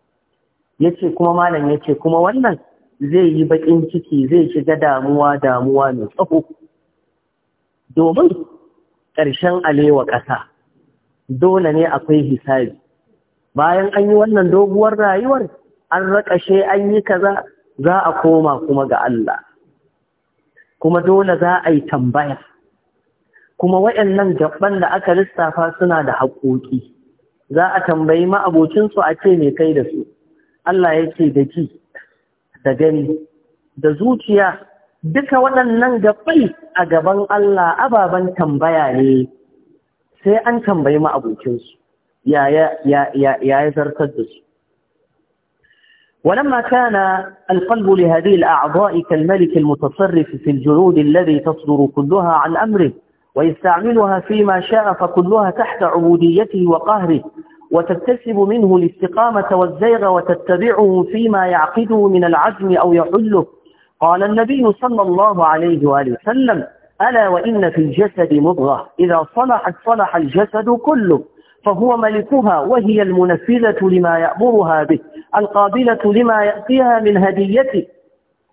ya ce kuma malam ya ce kuma wannan zai yi baƙin ciki zai shiga damuwa damuwa mai tsaho domin ƙarshen alewa ƙasa dole ne akwai hisabi bayan an yi wannan doguwar rayuwar an raƙashe an yi kaza za a koma kuma ga Allah kuma dole za a yi tambaya kuma waɗannan gaban da aka lissafa suna da haƙoƙi za a tambayi ma'abocinsu a ce mai kai da su Allah yake da ji da gani da zuciya duka waɗannan gabai a gaban Allah ababen tambaya ne sai an tambayi ma'abocinsu yaya ya zartar da su ولما كان القلب لهذه الأعضاء كالملك المتصرف في الجنود الذي تصدر كلها عن أمره ويستعملها فيما شاء فكلها تحت عبوديته وقهره وتكتسب منه الاستقامة والزيغ وتتبعه فيما يعقده من العزم أو يحله قال النبي صلى الله عليه وآله وسلم ألا وإن في الجسد مضغة إذا صلحت صلح الجسد كله فهو ملكها وهي المنفذة لما يأمرها به القابلة لما يأتيها من هديته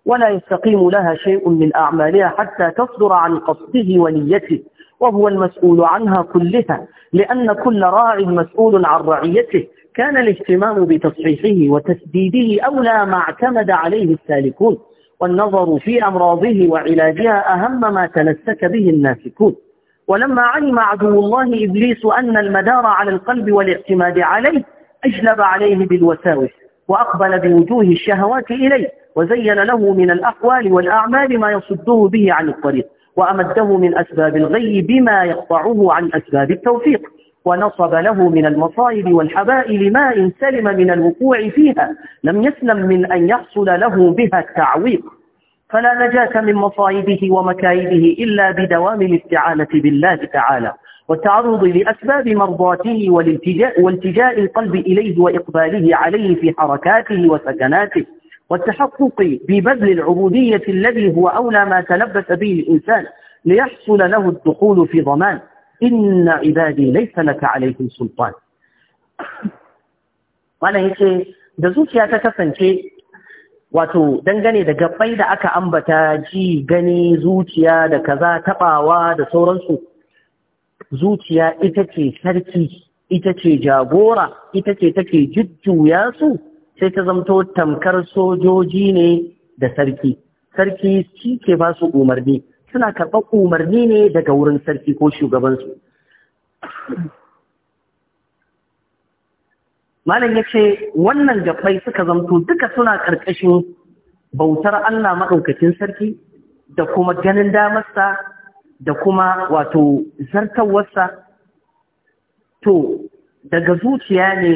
ولا يستقيم لها شيء من أعمالها حتى تصدر عن قصده ونيته وهو المسؤول عنها كلها لأن كل راع مسؤول عن رعيته كان الاهتمام بتصحيحه وتسديده أولى ما اعتمد عليه السالكون والنظر في أمراضه وعلاجها أهم ما تلسك به الناسكون ولما علم عدو الله إبليس أن المدار على القلب والاعتماد عليه أجلب عليه بالوساوس وأقبل بوجوه الشهوات إليه وزين له من الأقوال والأعمال ما يصده به عن الطريق وأمده من أسباب الغي بما يقطعه عن أسباب التوفيق ونصب له من المصائب والحبائل ما إن سلم من الوقوع فيها لم يسلم من أن يحصل له بها التعويق فلا نجاة من مصائبه ومكايده إلا بدوام الاستعانة بالله تعالى والتعرض لأسباب مرضاته والالتجاء, والتجاء القلب إليه وإقباله عليه في حركاته وسكناته والتحقق ببذل العبودية الذي هو أولى ما تلبس به الإنسان ليحصل له الدخول في ضمان إن عبادي ليس لك عليهم سلطان وأنا يكي دزوك يا تتفن كي واتو دنغني دا قبي أكا أمبتا جي غني زوتيا دا كذا تقاوا دا سورنسو زوتيا إتكي سركي إتكي جابورا إتكي تكي جد جوياسو sai ta zamto tamkar sojoji ne da sarki sarki shi ke ba su umarni suna karɓar umarni ne daga wurin sarki ko shugabansu malam ya ce wannan gabai suka zamto duka suna ƙarƙashin bautar Allah maɗaukacin sarki da kuma ganin damarsa da kuma wato zartawarsa to daga zuciya ne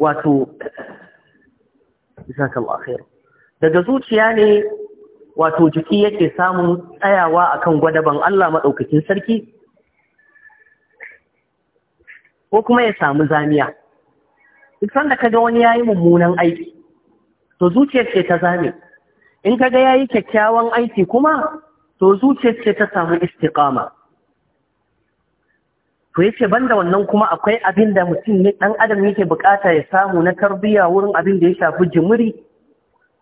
wato Allah khair daga zuciya ne wato jiki yake samun tsayawa akan gwadaban Allah madaukakin sarki ko kuma ya samu zamiya duk sanda kaga wani yayi mummunan aiki to zuciyar ce ta zame in kaga yayi kyakkyawan aiki kuma to zuciyar ce ta samu istiqama to yace banda wannan kuma akwai abin da mutum ne dan adam yake bukata ya samu na tarbiyya wurin abin da ya shafi jimiri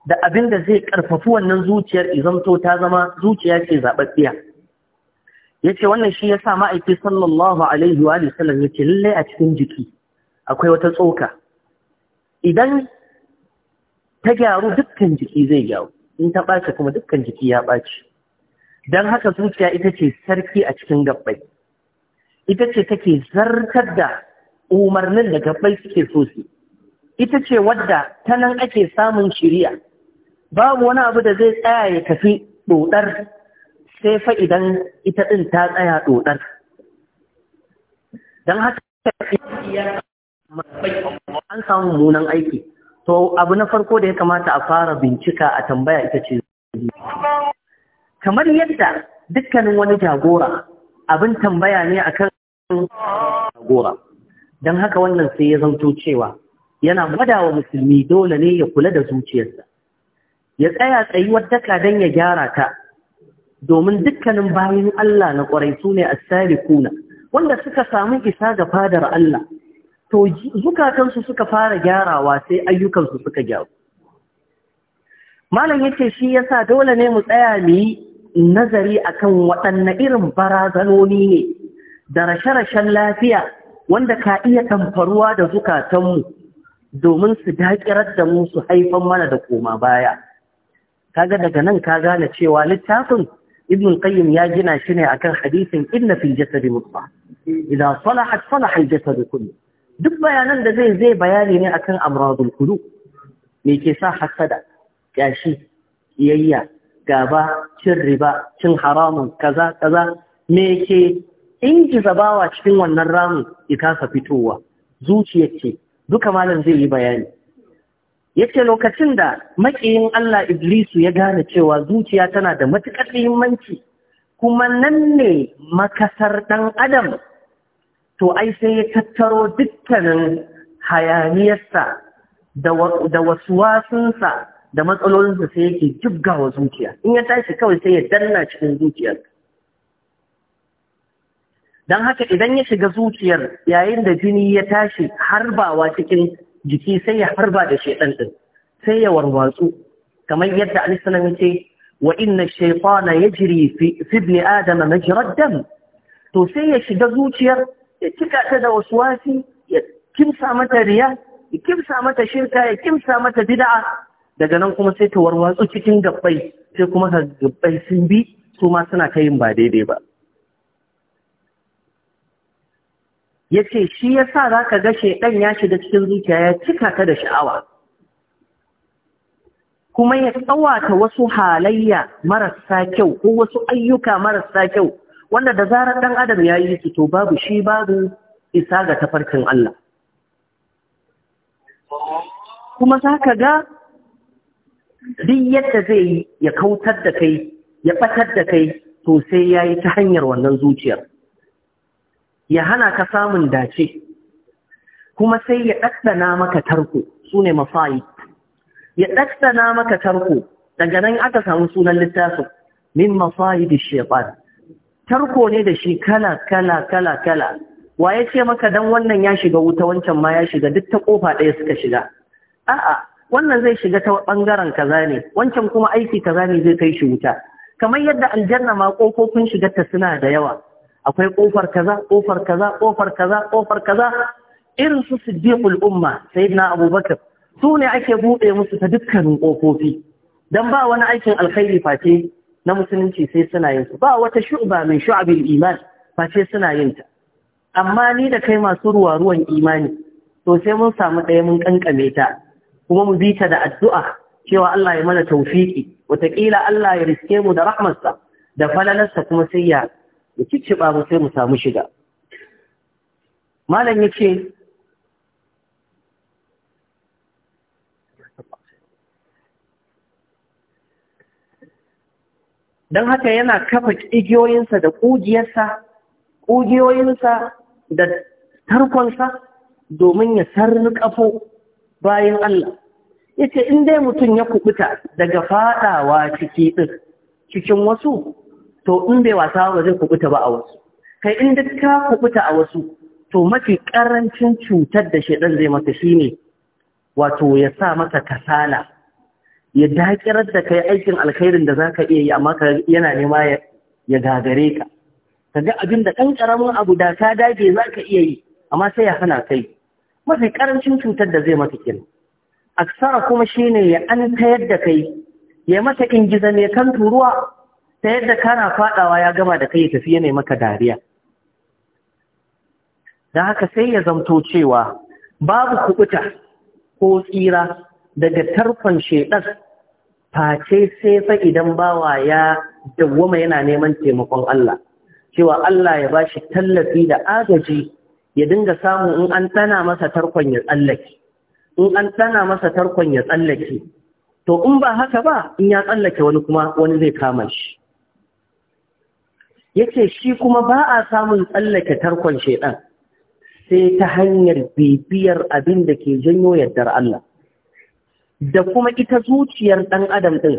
da abin da zai karfafi wannan zuciyar izanto ta zama zuciya ce zababbiya yace wannan shi yasa ma'aiki sallallahu alaihi wa sallam yace lalle a cikin jiki akwai wata tsoka idan ta gyaru dukkan jiki zai gyaru in ta ɓace kuma dukkan jiki ya ɓace don haka zuciya ita ce sarki a cikin gabbai ita ce take zartar da umarnin da gabbai suke so su ita ce wadda ta nan ake samun shiriya babu wani abu da zai tsaya ya tafi dodar sai fa idan ita din ta tsaya dodar dan haka an samu munan aiki to abu na farko da ya kamata a fara bincika a tambaya ita ce kamar yadda dukkanin wani jagora abin tambaya ne akan gora don haka wannan sai ya zauto cewa yana madawa musulmi dole ne ya kula da zuciyarsa ya tsaya tsayuwar daka don ya gyara ta domin dukkanin bayan Allah na ƙwarai su ne kuna wanda suka samu isa ga fadar Allah to zukatansu suka fara gyarawa sai ayyukansu suka gyaru malam yace shi yasa dole ne mu tsaya mu yi nazari akan waɗanne irin barazanoni ne da rashe-rashen lafiya wanda ka iya tamfaruwa da zukatanmu domin su daƙirar da mu su haifan mana da koma baya. Kaga daga nan ka gane cewa littafin Ibn Qayyim ya gina shi ne akan hadisin inna fil jasadi mutsa. Idan salahat salaha jasadu kullu. Duk bayanan da zai zai bayani ne akan amradul kulu. Me ke sa hasada, kyashi, kiyayya, gaba, cin riba, cin haramun, kaza kaza me ke In ji zabawa cikin wannan ramin ya kasa fitowa zuciyar ce duka malam zai yi bayani yace lokacin da makiyin Allah Iblisu ya gane cewa zuciya tana da matuƙar muhimmanci kuma nan ne makasar ɗan adam to ai sai ya tattaro dukkanin hayaniyarsa da wasu wasunsa da matsalolinsa sai yake jibgawa zuciya in ya tashi kawai sai ya danna cikin zuciyarsa don haka idan ya shiga zuciyar yayin da jini ya tashi harbawa cikin jiki sai ya harba da shaidan din sai ya warwatsu kamar yadda alisalam ya ce wa inna ya jiri fi ibn adama majrad dam to sai ya shiga zuciyar ya cika ta da wasi ya kimsa mata riya ya kimsa mata shirka ya kimsa mata bid'a daga nan kuma sai ta warwatsu cikin gabbai sai kuma gabbai sun bi su ma suna ta yin ba daidai ba ya ce shi ya sa za ka ga ɗan ya shiga cikin zuciya ya cika ka da sha'awa kuma ya tsawata wasu halayya marasa kyau ko wasu ayyuka marasa kyau wanda da zarar ɗan adam ya yi su to babu shi babu isa ga tafarkin Allah kuma za ka ga duk yadda zai yi ya kautar da kai ya ɓatar da kai to sai ya yi ta hanyar wannan zuciyar ya hana ka samun dace kuma sai ya ɗaɗɗana maka tarko su ne mafayi ya ɗaɗɗana maka tarko daga nan aka samu sunan littafin min mafayi da shekwan tarko ne da shi kala kala kala kala wa ya ce maka dan wannan ya shiga wuta wancan ma ya shiga duk ta kofa ɗaya suka shiga a'a wannan zai shiga ta bangaren kaza ne wancan kuma aiki kaza ne zai kai shi wuta kamar yadda aljanna ma kofofin shigarta suna da yawa akwai ƙofar kaza ƙofar kaza ƙofar kaza ƙofar kaza irin su siddiqul umma sayyidina abubakar su ne ake buɗe musu ta dukkanin ƙofofi dan ba wani aikin alkhairi face na musulunci sai suna yin su ba wata shu'ba min shu'abil iman face suna yin ta amma ni da kai masu ruwa ruwan imani to sai mun samu ɗaya mun kankame ta kuma mu bi ta da addu'a cewa Allah ya mana tawfiki wataƙila Allah ya riske mu da rahmarsa da falalarsa kuma sai ya da kike ba mu sai mu samu shiga. malam yace don haka yana kafa igiyoyinsa da ƙugiyarsa ƙugiyoyinsa da tarkonsa domin ya kafo bayan Allah yace in dai mutum ya kubuta daga fadawa ciki din cikin wasu to in bai wasa ba zai kubuta ba a wasu kai in duk ka kubuta a wasu to mafi karancin cutar da shedan zai shi shine wato ya sa maka kasala ya dakirar da kai aikin alkhairin da zaka iya yi amma yana nema ya gagare ka kaga abin da kan karamin abu da ka dage zaka iya yi amma sai ya hana kai mafi karancin cutar da zai mata kenan aksara kuma shine ya an tayar da kai ya mata gizo ne kan turuwa ta yadda kana faɗawa ya gama da kai ya tafi maka dariya da haka sai ya zamto cewa babu kubuta ko tsira daga tarkon shedas face sai fa idan bawa ya dawwama yana neman taimakon Allah cewa Allah ya bashi tallafi da agaji ya dinga samu in an tana masa tarkon ya tsallake in an tana masa tarkon ya tsallake to in ba haka ba in ya tsallake wani kuma wani zai kama shi yace shi kuma ba a samun tsallake tarkon shaidan sai ta hanyar bibiyar abin da ke janyo yardar Allah da kuma ita zuciyar ɗan adam ɗin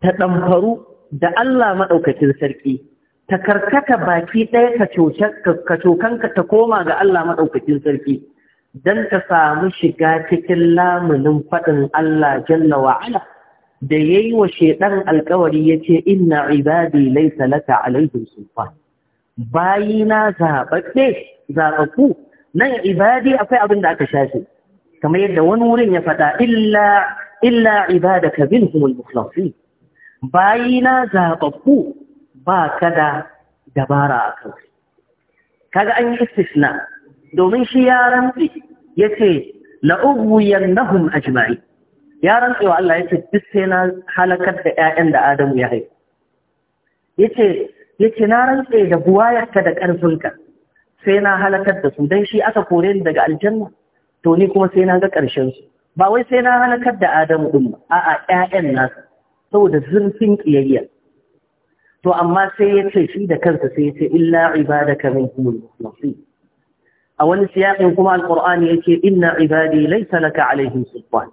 ta ɗamfaru da Allah maɗaukacin sarki ta karkata baki ɗaya ka cokanka ta koma ga Allah maɗaukacin sarki don ta samu shiga cikin lamunin faɗin Allah jalla wa'ala. da ya yi wa shedan alkawari yace inna ibadi laysa laka alaihim sultan na zababbe zabaku nan ibadi akwai abin da aka shafe kamar yadda wani wurin ya faɗa illa illa ibadaka minhumul mukhlasin bayina zababbu ba ka da dabara a kan kaga an yi istisna domin shi ya rantsi yace la'uwiyannahum ajma'i ya rantsewa Allah ya ce duk sai na halakar da ƴaƴan da Adamu ya haifa yace yace na rantse da buwayarka da ƙarfinka sai na halakar da su dan shi aka kore ni daga aljanna to ni kuma sai na ga ƙarshen su ba wai sai na halakar da Adamu din ba a'a ƴaƴan nasa saboda zurfin kiyayya to amma sai ya ce shi da kansa sai ya ce illa ibadaka minhumul mukhlasin a wani siyaqin kuma alqur'ani yace inna ibadi laysa laka alaihim sultan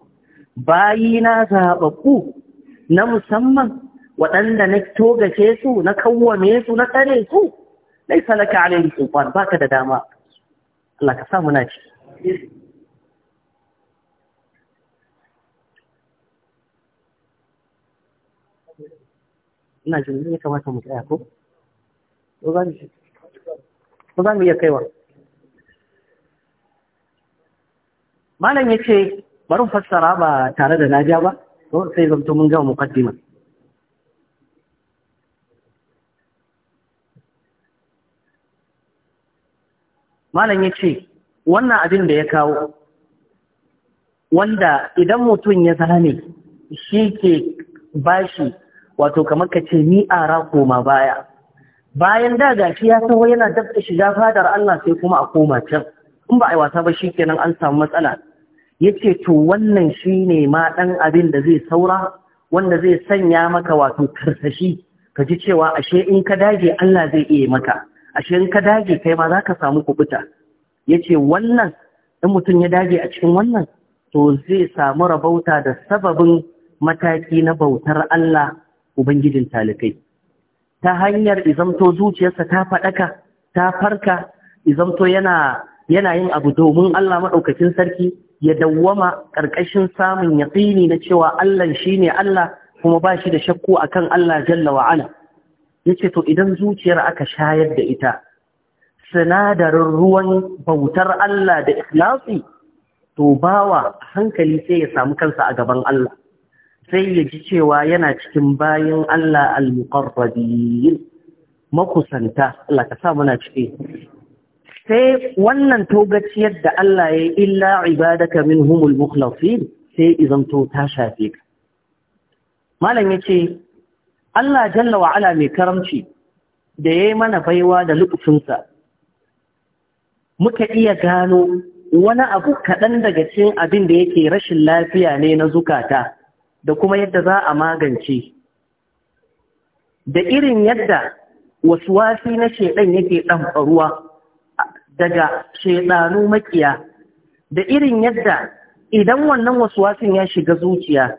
bayi na zaɓaɓɓu na musamman waɗanda na togace su na kawwame su na tsare su dai salaka alaihi sultan baka da dama Allah ka samu na ci ina jin ne kamata mu tsaya ko ko za mu iya kaiwa malam ya ce bari fassara ba tare da naja ba sai zamto mun gama mukaddima malam yace wannan abin da ya kawo wanda idan mutum ya zame shi ke bashi wato kamar ka ce ni ara ma baya bayan da gashi ya taho yana dabta shiga fadar Allah sai kuma a koma can in ba a yi wasa ba shi kenan an samu matsala yace to wannan shine ma dan abin da zai saura wanda zai sanya maka wato karsashi ka ji cewa ashe in ka dage Allah zai iya maka ashe in ka dage kai ma ka samu kubuta yace wannan in mutum ya dage a cikin wannan to zai samu rabauta da sababin mataki na bautar Allah ubangijin talikai ta hanyar izamto zuciyarsa ta faɗaka ta farka izamto yana yana yin abu domin Allah maɗaukakin sarki ya dawwama ƙarƙashin samun yaƙini na cewa Allah shi ne Allah kuma ba shi da shakku akan Allah jalla wa'ala. Ya ce, To, idan zuciyar aka shayar da ita, sinadarin ruwan bautar Allah da ikhlasi, to bawa hankali sai ya samu kansa a gaban Allah. Sai ya ji cewa yana cikin bayan Allah al-muqarrabin makusanta, Allah ka sa muna ciki. sai wannan togaciyar da Allah ya yi illa ibadaka Humul mukhlasin sai izamto ta shafe ka malam ya ce, Allah jalla wa ala mai karamci da ya yi mana baiwa da lukufinsa muka iya gano wani abu kaɗan daga cikin abin da yake rashin lafiya ne na zukata da kuma yadda za a magance da irin yadda wasu wasi na shedan yake ɗan ruwa daga shaidanu makiya da irin yadda idan wannan wasu wasan ya shiga zuciya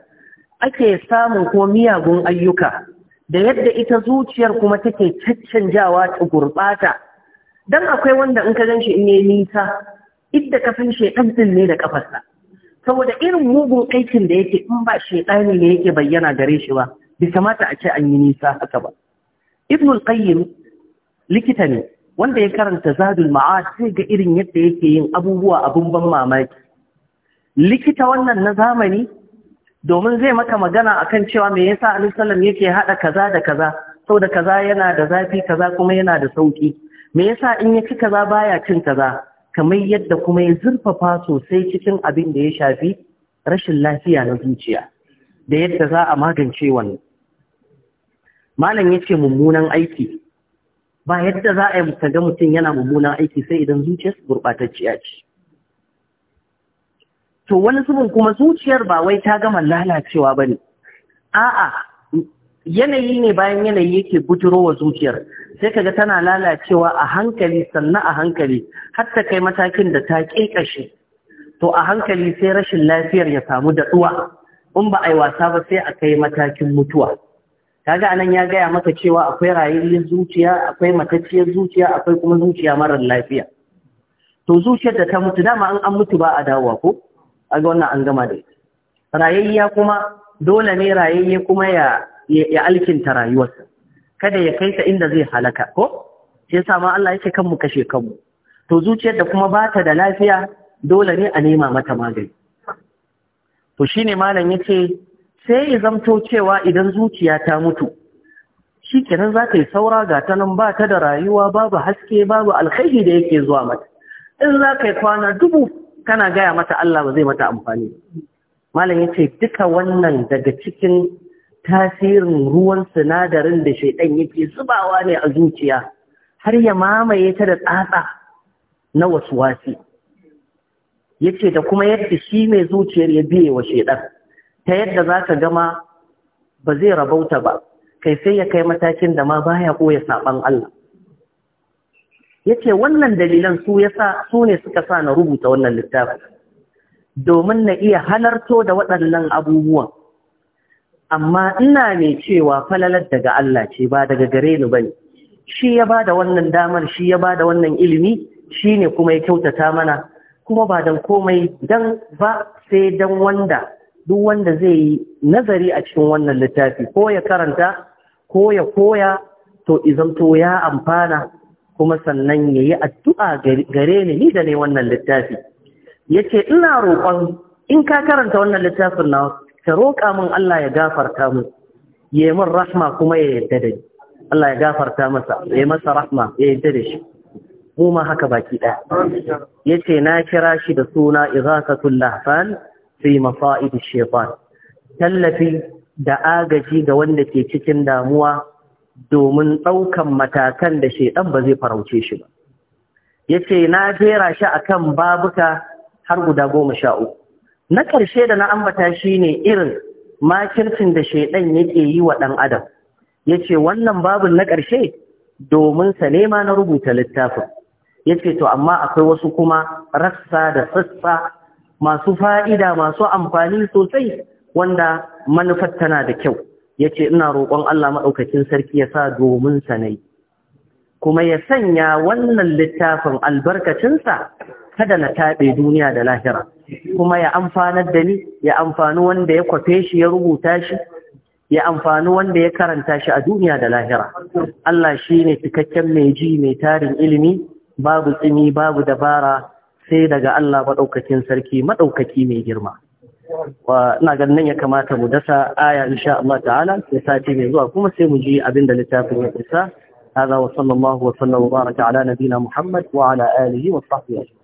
ake samun ko miyagun ayyuka da yadda ita zuciyar kuma take caccanjawa ta gurɓata dan akwai wanda in ka gan shi in yi nisa idda kafin shaidan din ne da kafarsa saboda irin mugun aikin da yake in ba shaidani ne yake bayyana gare shi ba bai kamata a ce an yi nisa haka ba ibnul qayyim likita ne wanda ya karanta zadul ma'ad zai ga irin yadda yake yin abubuwa abin ban mamaki likita wannan na zamani domin zai maka magana akan cewa me yasa Ali sallam yake hada kaza da kaza saboda kaza yana da zafi kaza kuma yana da sauki me yasa in ya kaza baya cin kaza kamar yadda kuma ya zurfafa sosai cikin abin da ya shafi rashin lafiya na zuciya da yadda za a magance wannan malam yace mummunan aiki ba yadda za a yi ga mutum yana mummuna aiki sai idan zuciyarsa gurɓatacciya ce to wani zubin kuma zuciyar ba wai ta gama lalacewa ba ne a'a yanayi ne bayan yanayi yake buturowa zuciyar sai kaga tana lalacewa a hankali sannan a hankali har ta kai matakin da ta ƙeƙashe to a hankali sai rashin lafiyar ya samu daɗuwa in ba a yi wasa ba sai a kai matakin mutuwa kaga anan ya gaya maka cewa akwai rayayyar zuciya akwai matacciyar zuciya akwai kuma zuciya marar lafiya to zuciyar da ta mutu dama an mutu ba a dawowa ko a wannan an gama da ita rayayya kuma dole ne rayayya kuma ya ya alkinta rayuwarsa kada ya kai ta inda zai halaka ko shi yasa ma Allah yake kan mu kashe kanmu to zuciyar da kuma ba ta da lafiya dole ne a nema mata magani to shine malam yace sai ya zamto cewa idan zuciya ta mutu shi kenan za ka yi saura ga ta nan ba ta da rayuwa babu haske babu alkhairi da yake zuwa mata in za ka yi kwana dubu kana gaya mata Allah ba zai mata amfani malam yace duka wannan daga cikin tasirin ruwan sinadarin da shaidan yake zubawa ne a zuciya har ya mamaye ta da tsatsa na wasuwasi yace da kuma yadda shi mai zuciyar ya biye wa shaidan ta yadda za ka gama ba zai rabauta ba kai sai ya kai matakin da ma baya koya saban Allah Ya ce wannan dalilan su sa su ne suka sa na rubuta wannan littafi domin na iya halarto da waɗannan abubuwan amma ina mai cewa falalar daga Allah ce ba daga gare ni bane shi ya ba da wannan damar shi ya ba da wannan ilimi shi ne kuma ya kyautata mana kuma ba dan komai dan ba sai dan wanda duk wanda zai yi nazari a cikin wannan littafi ko ya karanta ko ya koya to izanto ya amfana kuma sannan ya yi addu'a gare ni ni da ne wannan littafi ya ce ina roƙon in ka karanta wannan littafin na ka roƙa min Allah ya gafarta mu ya yi min rahma kuma ya yadda da ni Allah ya gafarta masa ya yi masa rahma ya yarda da shi mu ma haka baki ɗaya ya ce na kira shi da suna izakatul lahfan fi masa'id tallafi da agaji ga wanda ke cikin damuwa domin ɗaukan matakan da shaidan ba zai farauce shi ba yace na jera shi a kan babuka har guda goma sha uku na ƙarshe da na ambata shine irin makircin da shaidan yake yi wa ɗan adam yace wannan babun na ƙarshe domin sa nema na rubuta littafin yace to amma akwai wasu kuma rassa da sassa masu fa'ida masu amfani sosai wanda manufar tana da kyau yace ina roƙon Allah maɗaukacin sarki ya sa domin sanai kuma ya sanya wannan littafin albarkacinsa kada na taɓe duniya da lahira kuma ya amfanar da ni ya amfani wanda ya kwafe shi ya rubuta shi ya amfani wanda ya karanta shi a duniya da lahira Allah shi ne cikakken mai ji mai tarin ilimi babu tsimi babu dabara sai daga Allah maɗaukakin sarki maɗaukaki mai girma. Wa ina ganin nan ya kamata mu dasa aya insha Allah ta'ala sai sati mai zuwa kuma sai mu ji abin da littafin ya kusa. هذا وصلى الله وسلم وبارك على نبينا محمد وعلى آله وصحبه أجمعين